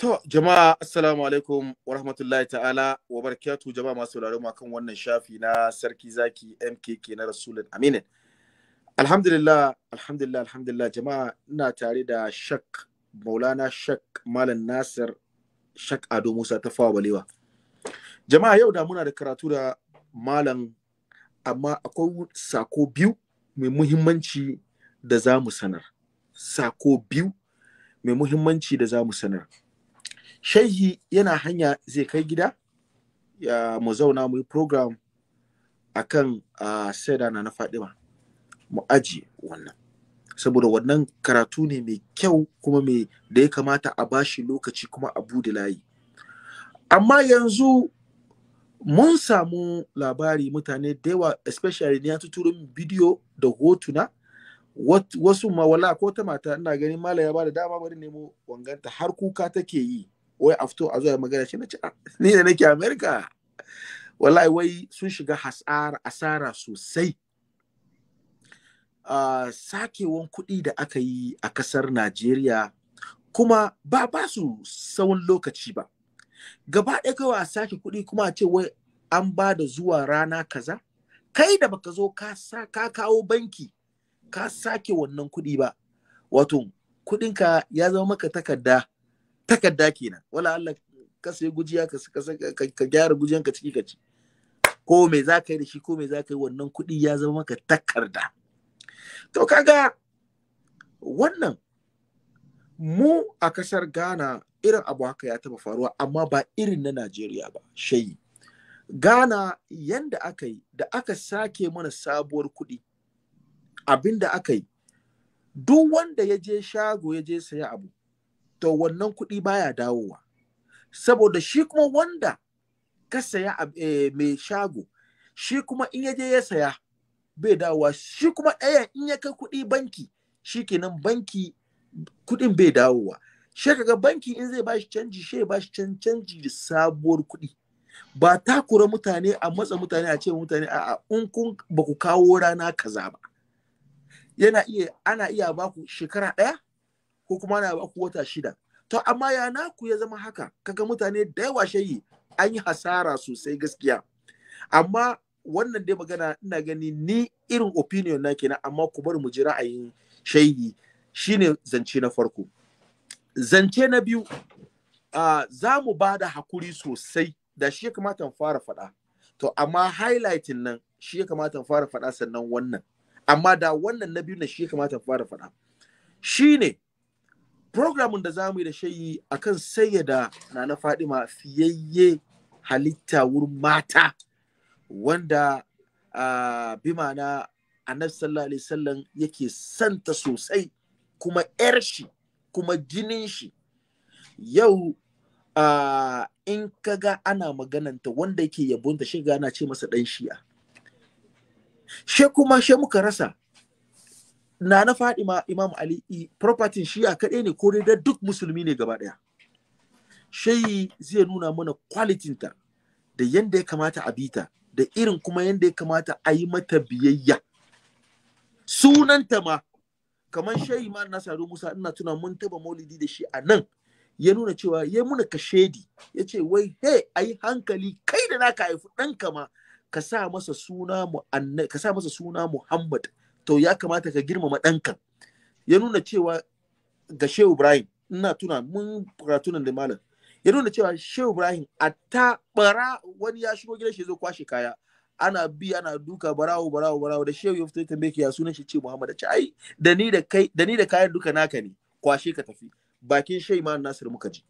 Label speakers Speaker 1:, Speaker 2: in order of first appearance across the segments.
Speaker 1: To, jama'a assalamu alaikum wa rahmatullahi ta'ala wa barakatu jama'a masu sauraro ma kan wannan shafi na sarki zaki MKK na Rasulun Aminin. Alhamdulillah, alhamdulillah, alhamdulillah jama'a ina tare da Shak Maulana Shak Malam Nasir Shak Ado Musa ta fawa balewa. Jama'a yau da muna da karatu da malam amma akwai sako biyu mai muhimmanci da za mu sanar. Sako biyu mai muhimmanci da za mu sanar. shehi yana hanya zai kai gida ya mu zauna mu yi program a kan saida na na fadima mu aji wannan saboda wannan karatu ne mai kyau kuma mai da ya kamata a bashi lokaci kuma a bude layi amma yanzu mun samu labari mutane da yawa especially ne ta turin bidiyo da hotuna wasu mawala ko ta mata ina ganin mala ya ba da dama bari nemo wanganta har kuka take yi wai a fito a zuwa magana shi na ci. Ah, ni da nake america wallahi wai sun shiga hasara asara sosai A ah, sakewan kuɗi da aka yi a ƙasar najeriya kuma ba ba su tsawon lokaci ba gaba ɗaya kawai a sake kuɗi kuma a ce wai an ba da zuwa rana kaza kai da baka zo ka kawo banki ka sake wannan kuɗi ba wato kuɗinka ya zama maka takarda takarda kenan wala Allah ka sai gujiya ka ka gyara gujiyan ka ciki ka ci ko me za ka yi da shi ko me za ka yi wannan kuɗi ya zama maka takarda to kaga wannan mu a kasar Ghana irin abu haka ya taba faruwa amma ba irin na Najeriya ba shayi Ghana yanda aka yi da aka sake mana sabuwar kuɗi abinda aka yi duk wanda ya je shago ya je saya abu to wannan kuɗi baya dawowa saboda shi kuma wanda ka saya eh, mai shago shi kuma in ya ya saya bai dawowa shi kuma ɗaya in ya kai kuɗi banki shi kenan banki kuɗin bai dawowa shi kaga banki in zai bashi canji shi bashi canji da sabuwar kuɗi ba takura mutane a matsa mutane a ce mutane a in kun ba ku kawo rana kaza ba yana iya ana iya ba shekara ɗaya ko kuma ana ba ku wata shida to amma ya na ku ya zama haka kaga mutane da yawa shayi an yi hasara sosai gaskiya amma wannan dai magana ina gani ni irin opinion na kenan amma ku bar mu ji ra'ayin shayi shine zance na farko zance na biyu za mu ba da hakuri sosai da shi ya kamata mu fara faɗa to amma highlighting nan shi ya kamata mu fara faɗa sannan wannan amma da wannan na biyu na shi ya kamata mu fara faɗa shine programun da zamu yi da shayi akan sayyada na na fadima fiyayye halitta wurin mata wanda bima bi ma'ana annabi sallallahu alaihi wasallam yake santa sosai kuma yar shi kuma jinin shi yau in in kaga ana magananta wanda yake yabonta shiga ana ce masa dan shi'a she kuma she muka rasa na na ma Imam Ali property shi a kaɗai ne ko dai da duk musulmi ne gaba ɗaya. Shayi zai nuna mana kwalitin ta da yanda ya kamata a bita da irin kuma yanda ya kamata a yi mata biyayya. Sunanta ma kamar shayi ma na Musa ina tuna mun taba maulidi da shi a nan ya nuna cewa ya muna kashedi ya ce wai he a hankali kai da naka haifi ɗanka ma ka sa masa suna Muhammad to ya kamata ka girmama ɗanka ya nuna cewa ga shehu ibrahim ina tuna mun karatu nan da malam ya nuna cewa shehu ibrahim a ta bara wani ya shigo gidan shi zo kwashe kaya ana bi ana duka barawo barawo barawo da shehu ya fito tambaye ya sunan shi ce muhammad ce ai da ni da kai da ni da kayan duka naka ne kwashe ka tafi bakin shehu ma nasir muka ji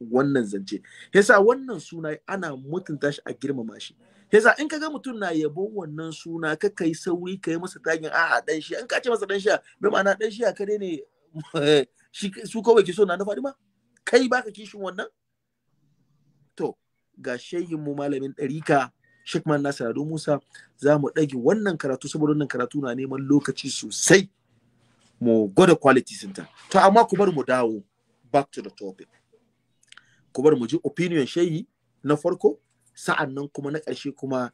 Speaker 1: wannan zance yasa wannan suna ana mutunta shi a girmama shi yasa in ka ga mutum na yabo wannan suna ka kai sauri ka yi masa tagin a dan shi in ka ce masa dan shi bai ma'ana dan eh, shi ka ne su kawai ki so na faɗi ma kai baka kishin wannan to ga shehin mu malamin ɗarika Shekman Nasir Ado Musa za mu ɗage wannan karatu saboda wannan karatu na neman lokaci sosai mu gwada quality ta. To amma ku bar mu dawo back to the topic. Ku bar mu ji opinion shehi na farko sa'an nan kuma na ƙarshe kuma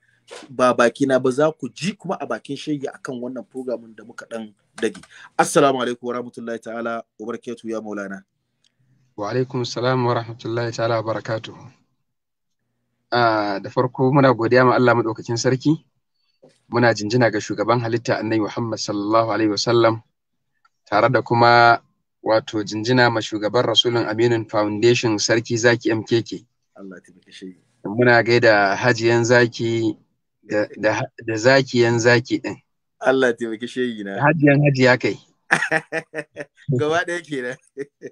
Speaker 1: ba baki na ba za ku ji kuma a bakin shege akan wannan programin da muka dan dage assalamu alaikum wa rahmatullahi ta'ala wa barakatuhu ya maulana
Speaker 2: wa alaikum salam wa rahmatullahi ta'ala wa barakatuhu ah, da farko muna godiya ma Allah madaukakin sarki muna jinjina ga shugaban halitta annabi Muhammad sallallahu alaihi wasallam tare da kuma wato jinjina ma shugaban rasulun aminin foundation sarki zaki mkk
Speaker 1: Allah ta shi
Speaker 2: muna gaida hajiyan zaki da zakiyan zaki ɗin.
Speaker 1: Allah taimaki shehi na hajiyan
Speaker 2: hajiya kai
Speaker 1: gaba ɗaya na.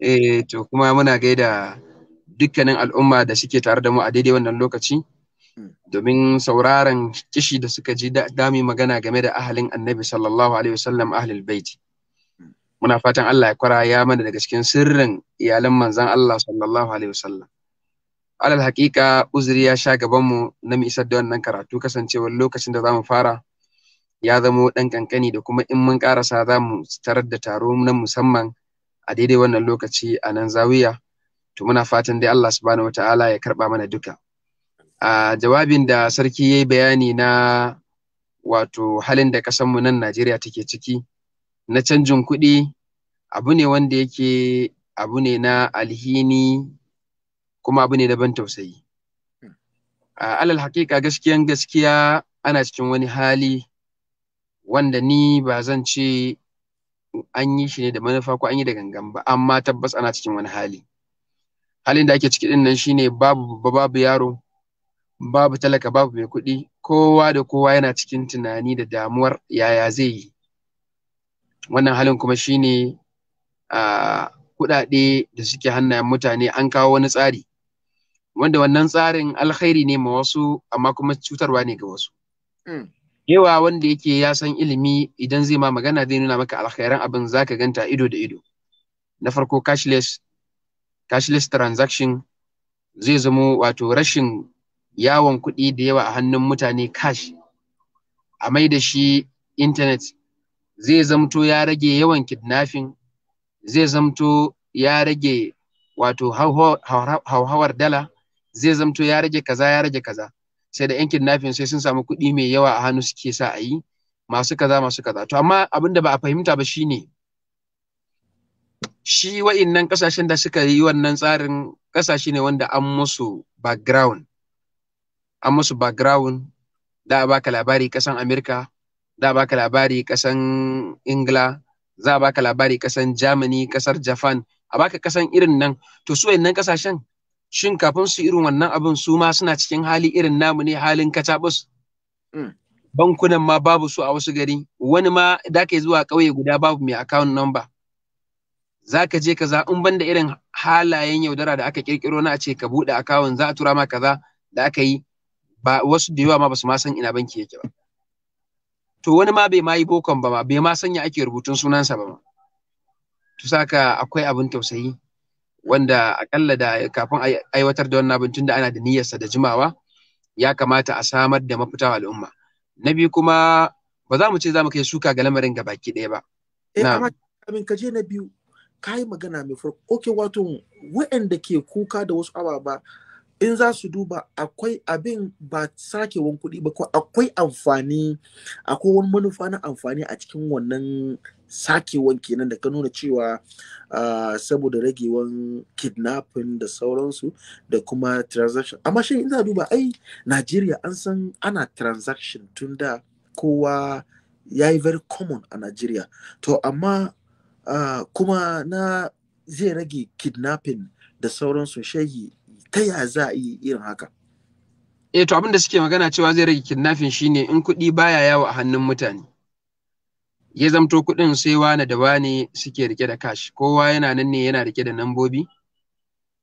Speaker 2: eh to kuma muna gaida dukkanin al'umma da suke tare da mu a daidai wannan lokaci hmm. domin sauraron kishi da suka ji dami magana game da ahalin annabi sallallahu alaihi wasallam ahalil baiti hmm. muna fatan Allah ya kwara ya mana daga cikin sirrin iyalan manzan Allah sallallahu alaihi wasallam alal hakika uzuri ya sha gabanmu na mu isar da wannan karatu kasancewar lokacin da za mu fara ya zamo ɗan kankani da kuma in mun karasa za mu tarar da taro na musamman a daidai wannan lokaci a nan zawiya to muna fatan dai Allah subhanahu wataala ya karɓa mana duka a jawabin da sarki ya yi bayani na wato halin da kasanmu nan Najeriya take ciki na canjin kuɗi abu ne wanda yake abu ne na alhini kuma abu ne na ban tausayi hmm. a alal hakika gaskiyan gaskiya ana cikin wani hali wanda ni ba zan ce an yi shi ne da manufa ko an yi da gangan ba amma tabbas ana cikin wani hali halin da ake ciki ɗin nan shine babu babba babu yaro babu talaka babu mai kuɗi kowa da kowa yana cikin tunani da damuwar yaya zai yi wannan halin kuma shine a kuɗaɗe da suke hannayen mutane an kawo wani tsari wanda wannan tsarin alkhairi ne ma wasu amma kuma cutarwa ne ga wasu mm. yawa wanda yake ya san ilimi idan zai ma magana zai nuna maka alkhairan abin za ka ganta ido da ido na farko cashless cashless transaction zai zamo wato rashin yawon kuɗi da yawa a hannun mutane cash a mai da shi internet zai zamto ya rage yawan kidnapping zai zamto ya rage wato hauhawar dala zai zamto ya rage kaza ya rage kaza sai da yan kidnapping sai sun samu kuɗi mai yawa a hannu suke sa a yi masu kaza masu kaza to amma abin da ba a fahimta ba shine shi wa'innan kasashen da suka yi wannan tsarin kasashe ne wanda an musu background an musu background da a baka labari kasan amerika da a baka labari kasan ingila za a baka labari kasan germany kasar japan a baka kasan irin nan to su wa'innan kasashen shin kafin su irin wannan abin su ma suna cikin hali irin namu ne halin kacabus hmm. bankunan ma babu su a wasu gari wani ma da ka zuwa ƙauye guda babu mai account number za ka je kaza in banda irin halayen yaudara da aka kirkiro na a ce ka buɗe account za a tura ma kaza da aka yi ba wasu da yawa ma basu ma san ina banki yake ba to wani ma bai ma yi bokon ba ma bai ma sanya ake rubutun sunansa ba ma to saka akwai abin tausayi wanda akalla da kafin a aiwatar da wannan abin tunda ana da niyyarsa da jimawa ya kamata a samar da mafita wa al'umma na biyu kuma ba za mu ce za mu kai suka ga lamarin ga baki ɗaya ba eh amma
Speaker 1: kamin ka je na biyu kai magana mai farko okay wato waɗanda ke kuka da wasu ababa in za su duba akwai abin ba sakewan kuɗi ba ko akwai amfani akwai wani manufa na amfani a cikin wannan sakewan kenan da ka nuna cewa ah, saboda ragewan kidnappin da sauransu da kuma transaction amma shi in za duba ai najeriya an san ana transaction tun da kowa ya yi very common a najeriya to amma ah, kuma na zai rage kidnapping da sauransu shayi ta ya za a yi irin haka E, to abin da suke magana
Speaker 2: cewa zai rage kidnapping shine in kuɗi baya yawo a hannun mutane ya zamto kuɗin sai wane da wane suke rike da cash kowa yana nan ne yana rike da nambobi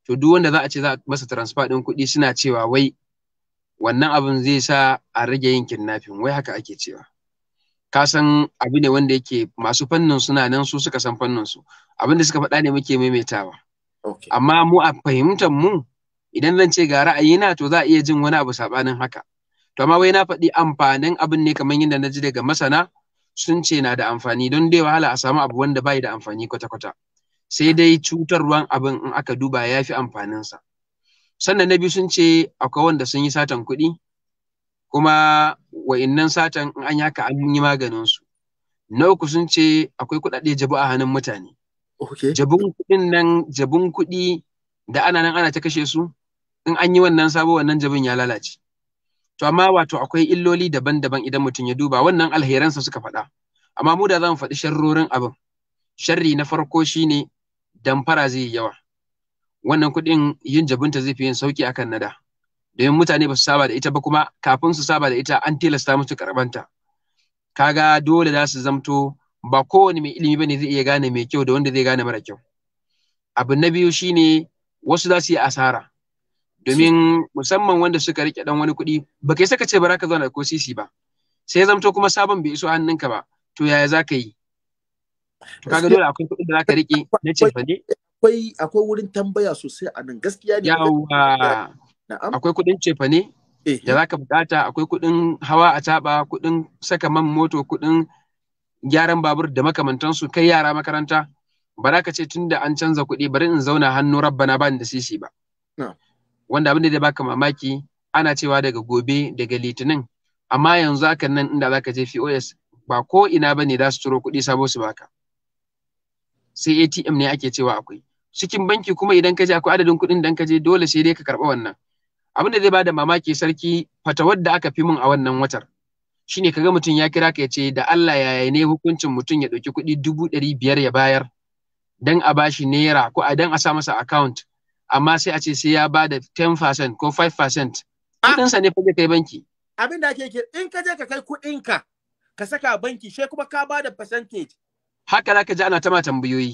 Speaker 2: to duk wanda za a ce za a masa transfer ɗin kuɗi suna cewa wai wannan abin zai sa a rage yin kidnapping wai haka ake cewa ka san abu ne wanda yake masu fannin suna nan su suka san fannin su abin da suka faɗa ne muke maimaitawa amma mu a fahimtar mu idan zan ce ga ra'ayina to za a iya jin wani abu saɓanin haka to amma wai na faɗi amfanin abin ne kamar yadda na ji daga masana sun ce na da amfani don dai wahala a samu abu wanda bai da amfani kwata-kwata sai dai cutarwan abin in aka duba ya fi amfaninsa sannan na biyu sun ce akwai wanda sun yi satan kuɗi kuma wa'innan satan in an yi haka an yi maganinsu na uku sun ce akwai kuɗaɗe jabu a hannun mutane jabun kuɗin nan jabun kuɗi da ana nan ana ta kashe su in an yi wannan sabo wannan jabin ya lalace to amma wato akwai illoli daban-daban idan mutum ya duba wannan alheransa suka faɗa amma mu da zan faɗi sharrorin abin sharri na farko shine damfara zai yi yawa wannan kuɗin yin jabinta zai fi yin sauki akan nada domin mutane ba su saba da ita ba kuma kafin su saba da ita an tilasta musu karɓanta kaga dole za su zamto ba kowane mai ilimi ne zai iya gane mai kyau da wanda zai gane mara kyau abu na biyu shine wasu za su yi asara domin musamman wanda suka rike dan wani kuɗi ba kai saka ce ba ka zauna ko sisi ba sai zamto kuma sabon bai iso hannunka ba to yaya za ka yi to kaga dole akwai kuɗin da za ka rike na ce fa ne akwai akwai wurin tambaya sosai a nan gaskiya ne yawa akwai kuɗin cefa ne eh. da za ka bukata akwai kuɗin hawa a taɓa kuɗin saka man moto kuɗin gyaran babur da makamantansu kai yara makaranta ba za ka ce tun da an canza kuɗi bari in zauna hannu rabbana bani da sisi ba wanda abin da zai baka mamaki ana cewa daga gobe daga litinin amma yanzu hakan nan inda za ka je pos ba ko ina ba ne za su ciro kuɗi sabo su baka sai atm ne ake cewa akwai cikin banki kuma idan ka je akwai adadin kuɗin da ka je dole sai dai ka karɓa wannan abin da zai bada mamaki sarki fatawar da aka fi min a wannan watar ka ga mutum ya kira ka ya ce da Allah yaya ne hukuncin mutum ya ɗauki kuɗi dubu ɗari biyar ya bayar don a bashi naira ko a don a sa masa account amma sai a ce sai ya ba da 10% ko 5% ah. sa ne fa kai banki
Speaker 1: abin da ake in ka je ka kai kudinka
Speaker 2: ka saka banki sai kuma ka ba da percentage haka zaka ji ana ta ma tambayoyi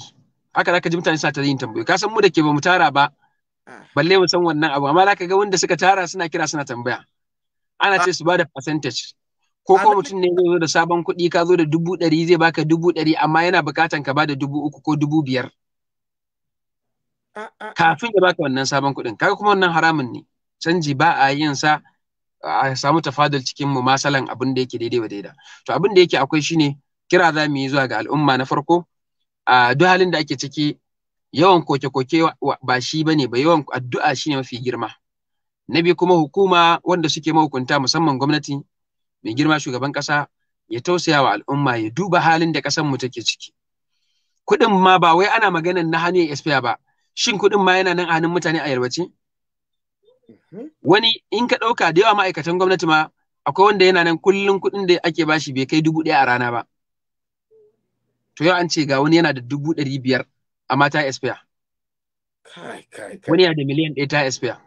Speaker 2: haka zaka ji mutane suna ta yin tambayoyi ka san mu da ke bamu tara ba ah. balle mu san wannan abu amma zaka ga wanda suka tara suna kira suna tambaya ana ah. ce su ba da percentage ko ko mutum ne zai zo da sabon kuɗi ka zo da dubu ɗari zai baka dubu ɗari amma yana bukatan ka bada dubu uku ko dubu biyar kafin ya baka wannan sabon kuɗin kaga kuma wannan haramun ne canji ba a yin sa a samu tafadul cikin mu masalan abin da yake daidai wa daida to abin da yake akwai shine kira za mu yi zuwa ga al'umma na farko a duk halin da ake ciki yawan koke-koke ba shi bane ba yawan addu'a shine mafi girma na biyu kuma hukuma wanda suke mahukunta musamman gwamnati mai girma shugaban kasa ya tausaya wa al'umma ya duba halin da kasan mu take ciki kuɗin ma ba wai ana magana na hannun expire ba shin kuɗin ma yana nan a hannun mutane a yalwace mhm. wani in ka ɗauka da yawa ma'aikatan gwamnati ma akwai wanda yana nan kullum kuɗin da ake bashi bai kai dubu ɗaya a rana ba to yau an ce ga wani yana da dubu ɗari biyar amma ta expire wani yana da miliyan ɗaya ta expire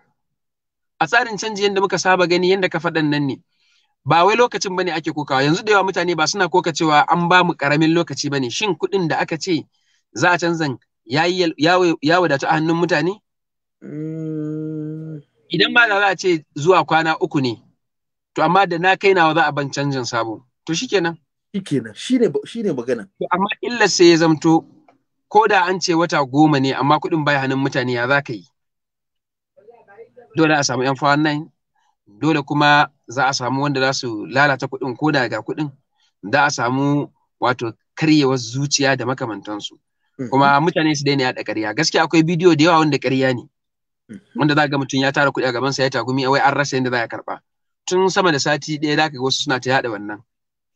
Speaker 2: a tsarin canji yadda muka saba gani yadda ka faɗan nan ne ba wai lokacin bane ake kokawa yanzu da yawa mutane ba suna koka cewa an ba mu karamin lokaci bane shin kuɗin da aka ce za a canza ya wadatu a hannun mutane mm. idan ba za a ce zuwa kwana uku ne to amma da na kai nawa za a ban canjin sabo to shikenan shikenan shine shine magana to amma illar sai ya zamto ko da an ce wata goma ne amma kuɗin bai hannun mutane ya za ka yi dole a samu yan fawan nan dole kuma za a samu wanda za su lalata kuɗin ko da ga kuɗin za a samu wato karyewar zuciya da makamantansu mm-hmm. kuma mutane su daina yaɗa ƙarya gaskiya akwai bidiyo da yawa wanda ƙarya ne mm-hmm. wanda za ga mutum ya tara kuɗi a gaban sa ya takumi wai an rasa yadda za ya karɓa tun sama da sati ɗaya za ka ga wasu suna ta yaɗa wannan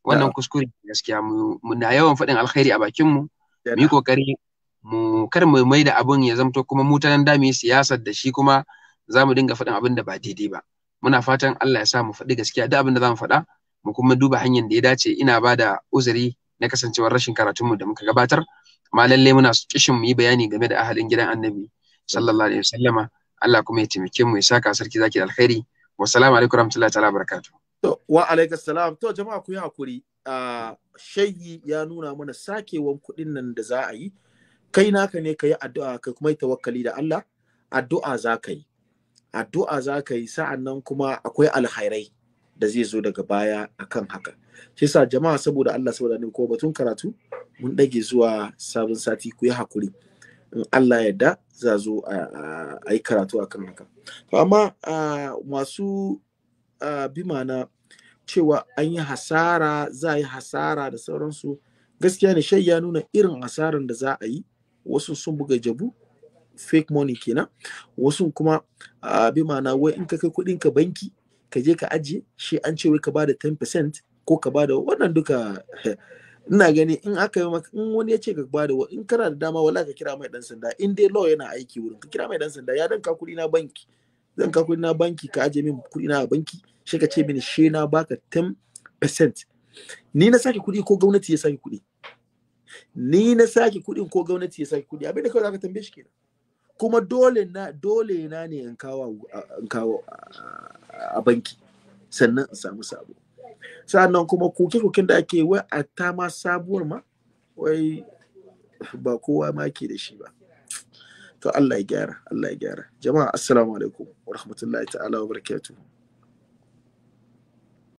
Speaker 2: wannan kuskure gaskiya mu na yawan faɗin alkhairi a bakin mu mu yi kokari mu kar mu mai da abun ya zamto kuma mutanen da mu yi siyasar da shi kuma za mu dinga faɗin abin da ba daidai ba muna fatan Allah ya sa mu faɗi gaskiya da abin da za mu faɗa mu kuma duba hanyar da ya dace ina ba da uzuri na kasancewar rashin karatunmu da muka gabatar amma lallai muna kishin mu yi bayani game da ahalin gidan annabi sallallahu alaihi wasallama Allah kuma ya taimake mu ya saka sarki zaki da alkhairi wa salamu alaikum warahmatullahi ta'ala barakatuh
Speaker 1: to wa alaikum salam to jama'a ku yi hakuri a ya nuna mana sakewan kuɗin nan da za a yi kai naka ne ka addu'a kai kuma yi tawakkali da Allah addu'a za ka yi addu'a za ka yi sa'an nan kuma akwai alhairai da zai zo daga baya akan haka shi sa jama'a saboda Allah saboda ne ko batun karatu mun ɗage zuwa sabon sati ku yi hakuri in Allah yadda za zo a yi karatu akan haka to amma masu bima na cewa an yi hasara za a yi hasara da sauransu gaskiya ne shai ya nuna irin hasaran da za a yi wasu sun buga jabu fake money kenan wasu kuma a bi ma'ana wai in ka kai kudin ka banki ka je ka ajiye shi an ce wai ka bada 10% ko ka bada wannan duka ina gani in aka yi maka in wani ya ce ka bada wa in kana da dama wala ka kira mai dan sanda in dai law yana aiki wurin ka kira mai dan sanda ya dan ka na banki zan ka kudi na banki ka ajiye min kudi na a banki shi ka ce mini she na baka 10% ni na sake kudi ko gwamnati ya sake kudi ni na sake kudin ko gwamnati ya sake kudi abin da kawai za ka tambaye shi kenan kuma dole na dole na ne in kawo in kawo a banki sannan in samu sabo sannan kuma kuke kuken da ake wai a ta ma sabuwar ma wai ba kowa ma ke da shi ba to Allah ya gyara Allah ya gyara jama'a assalamu alaikum wa rahmatullahi ta'ala wa barakatuh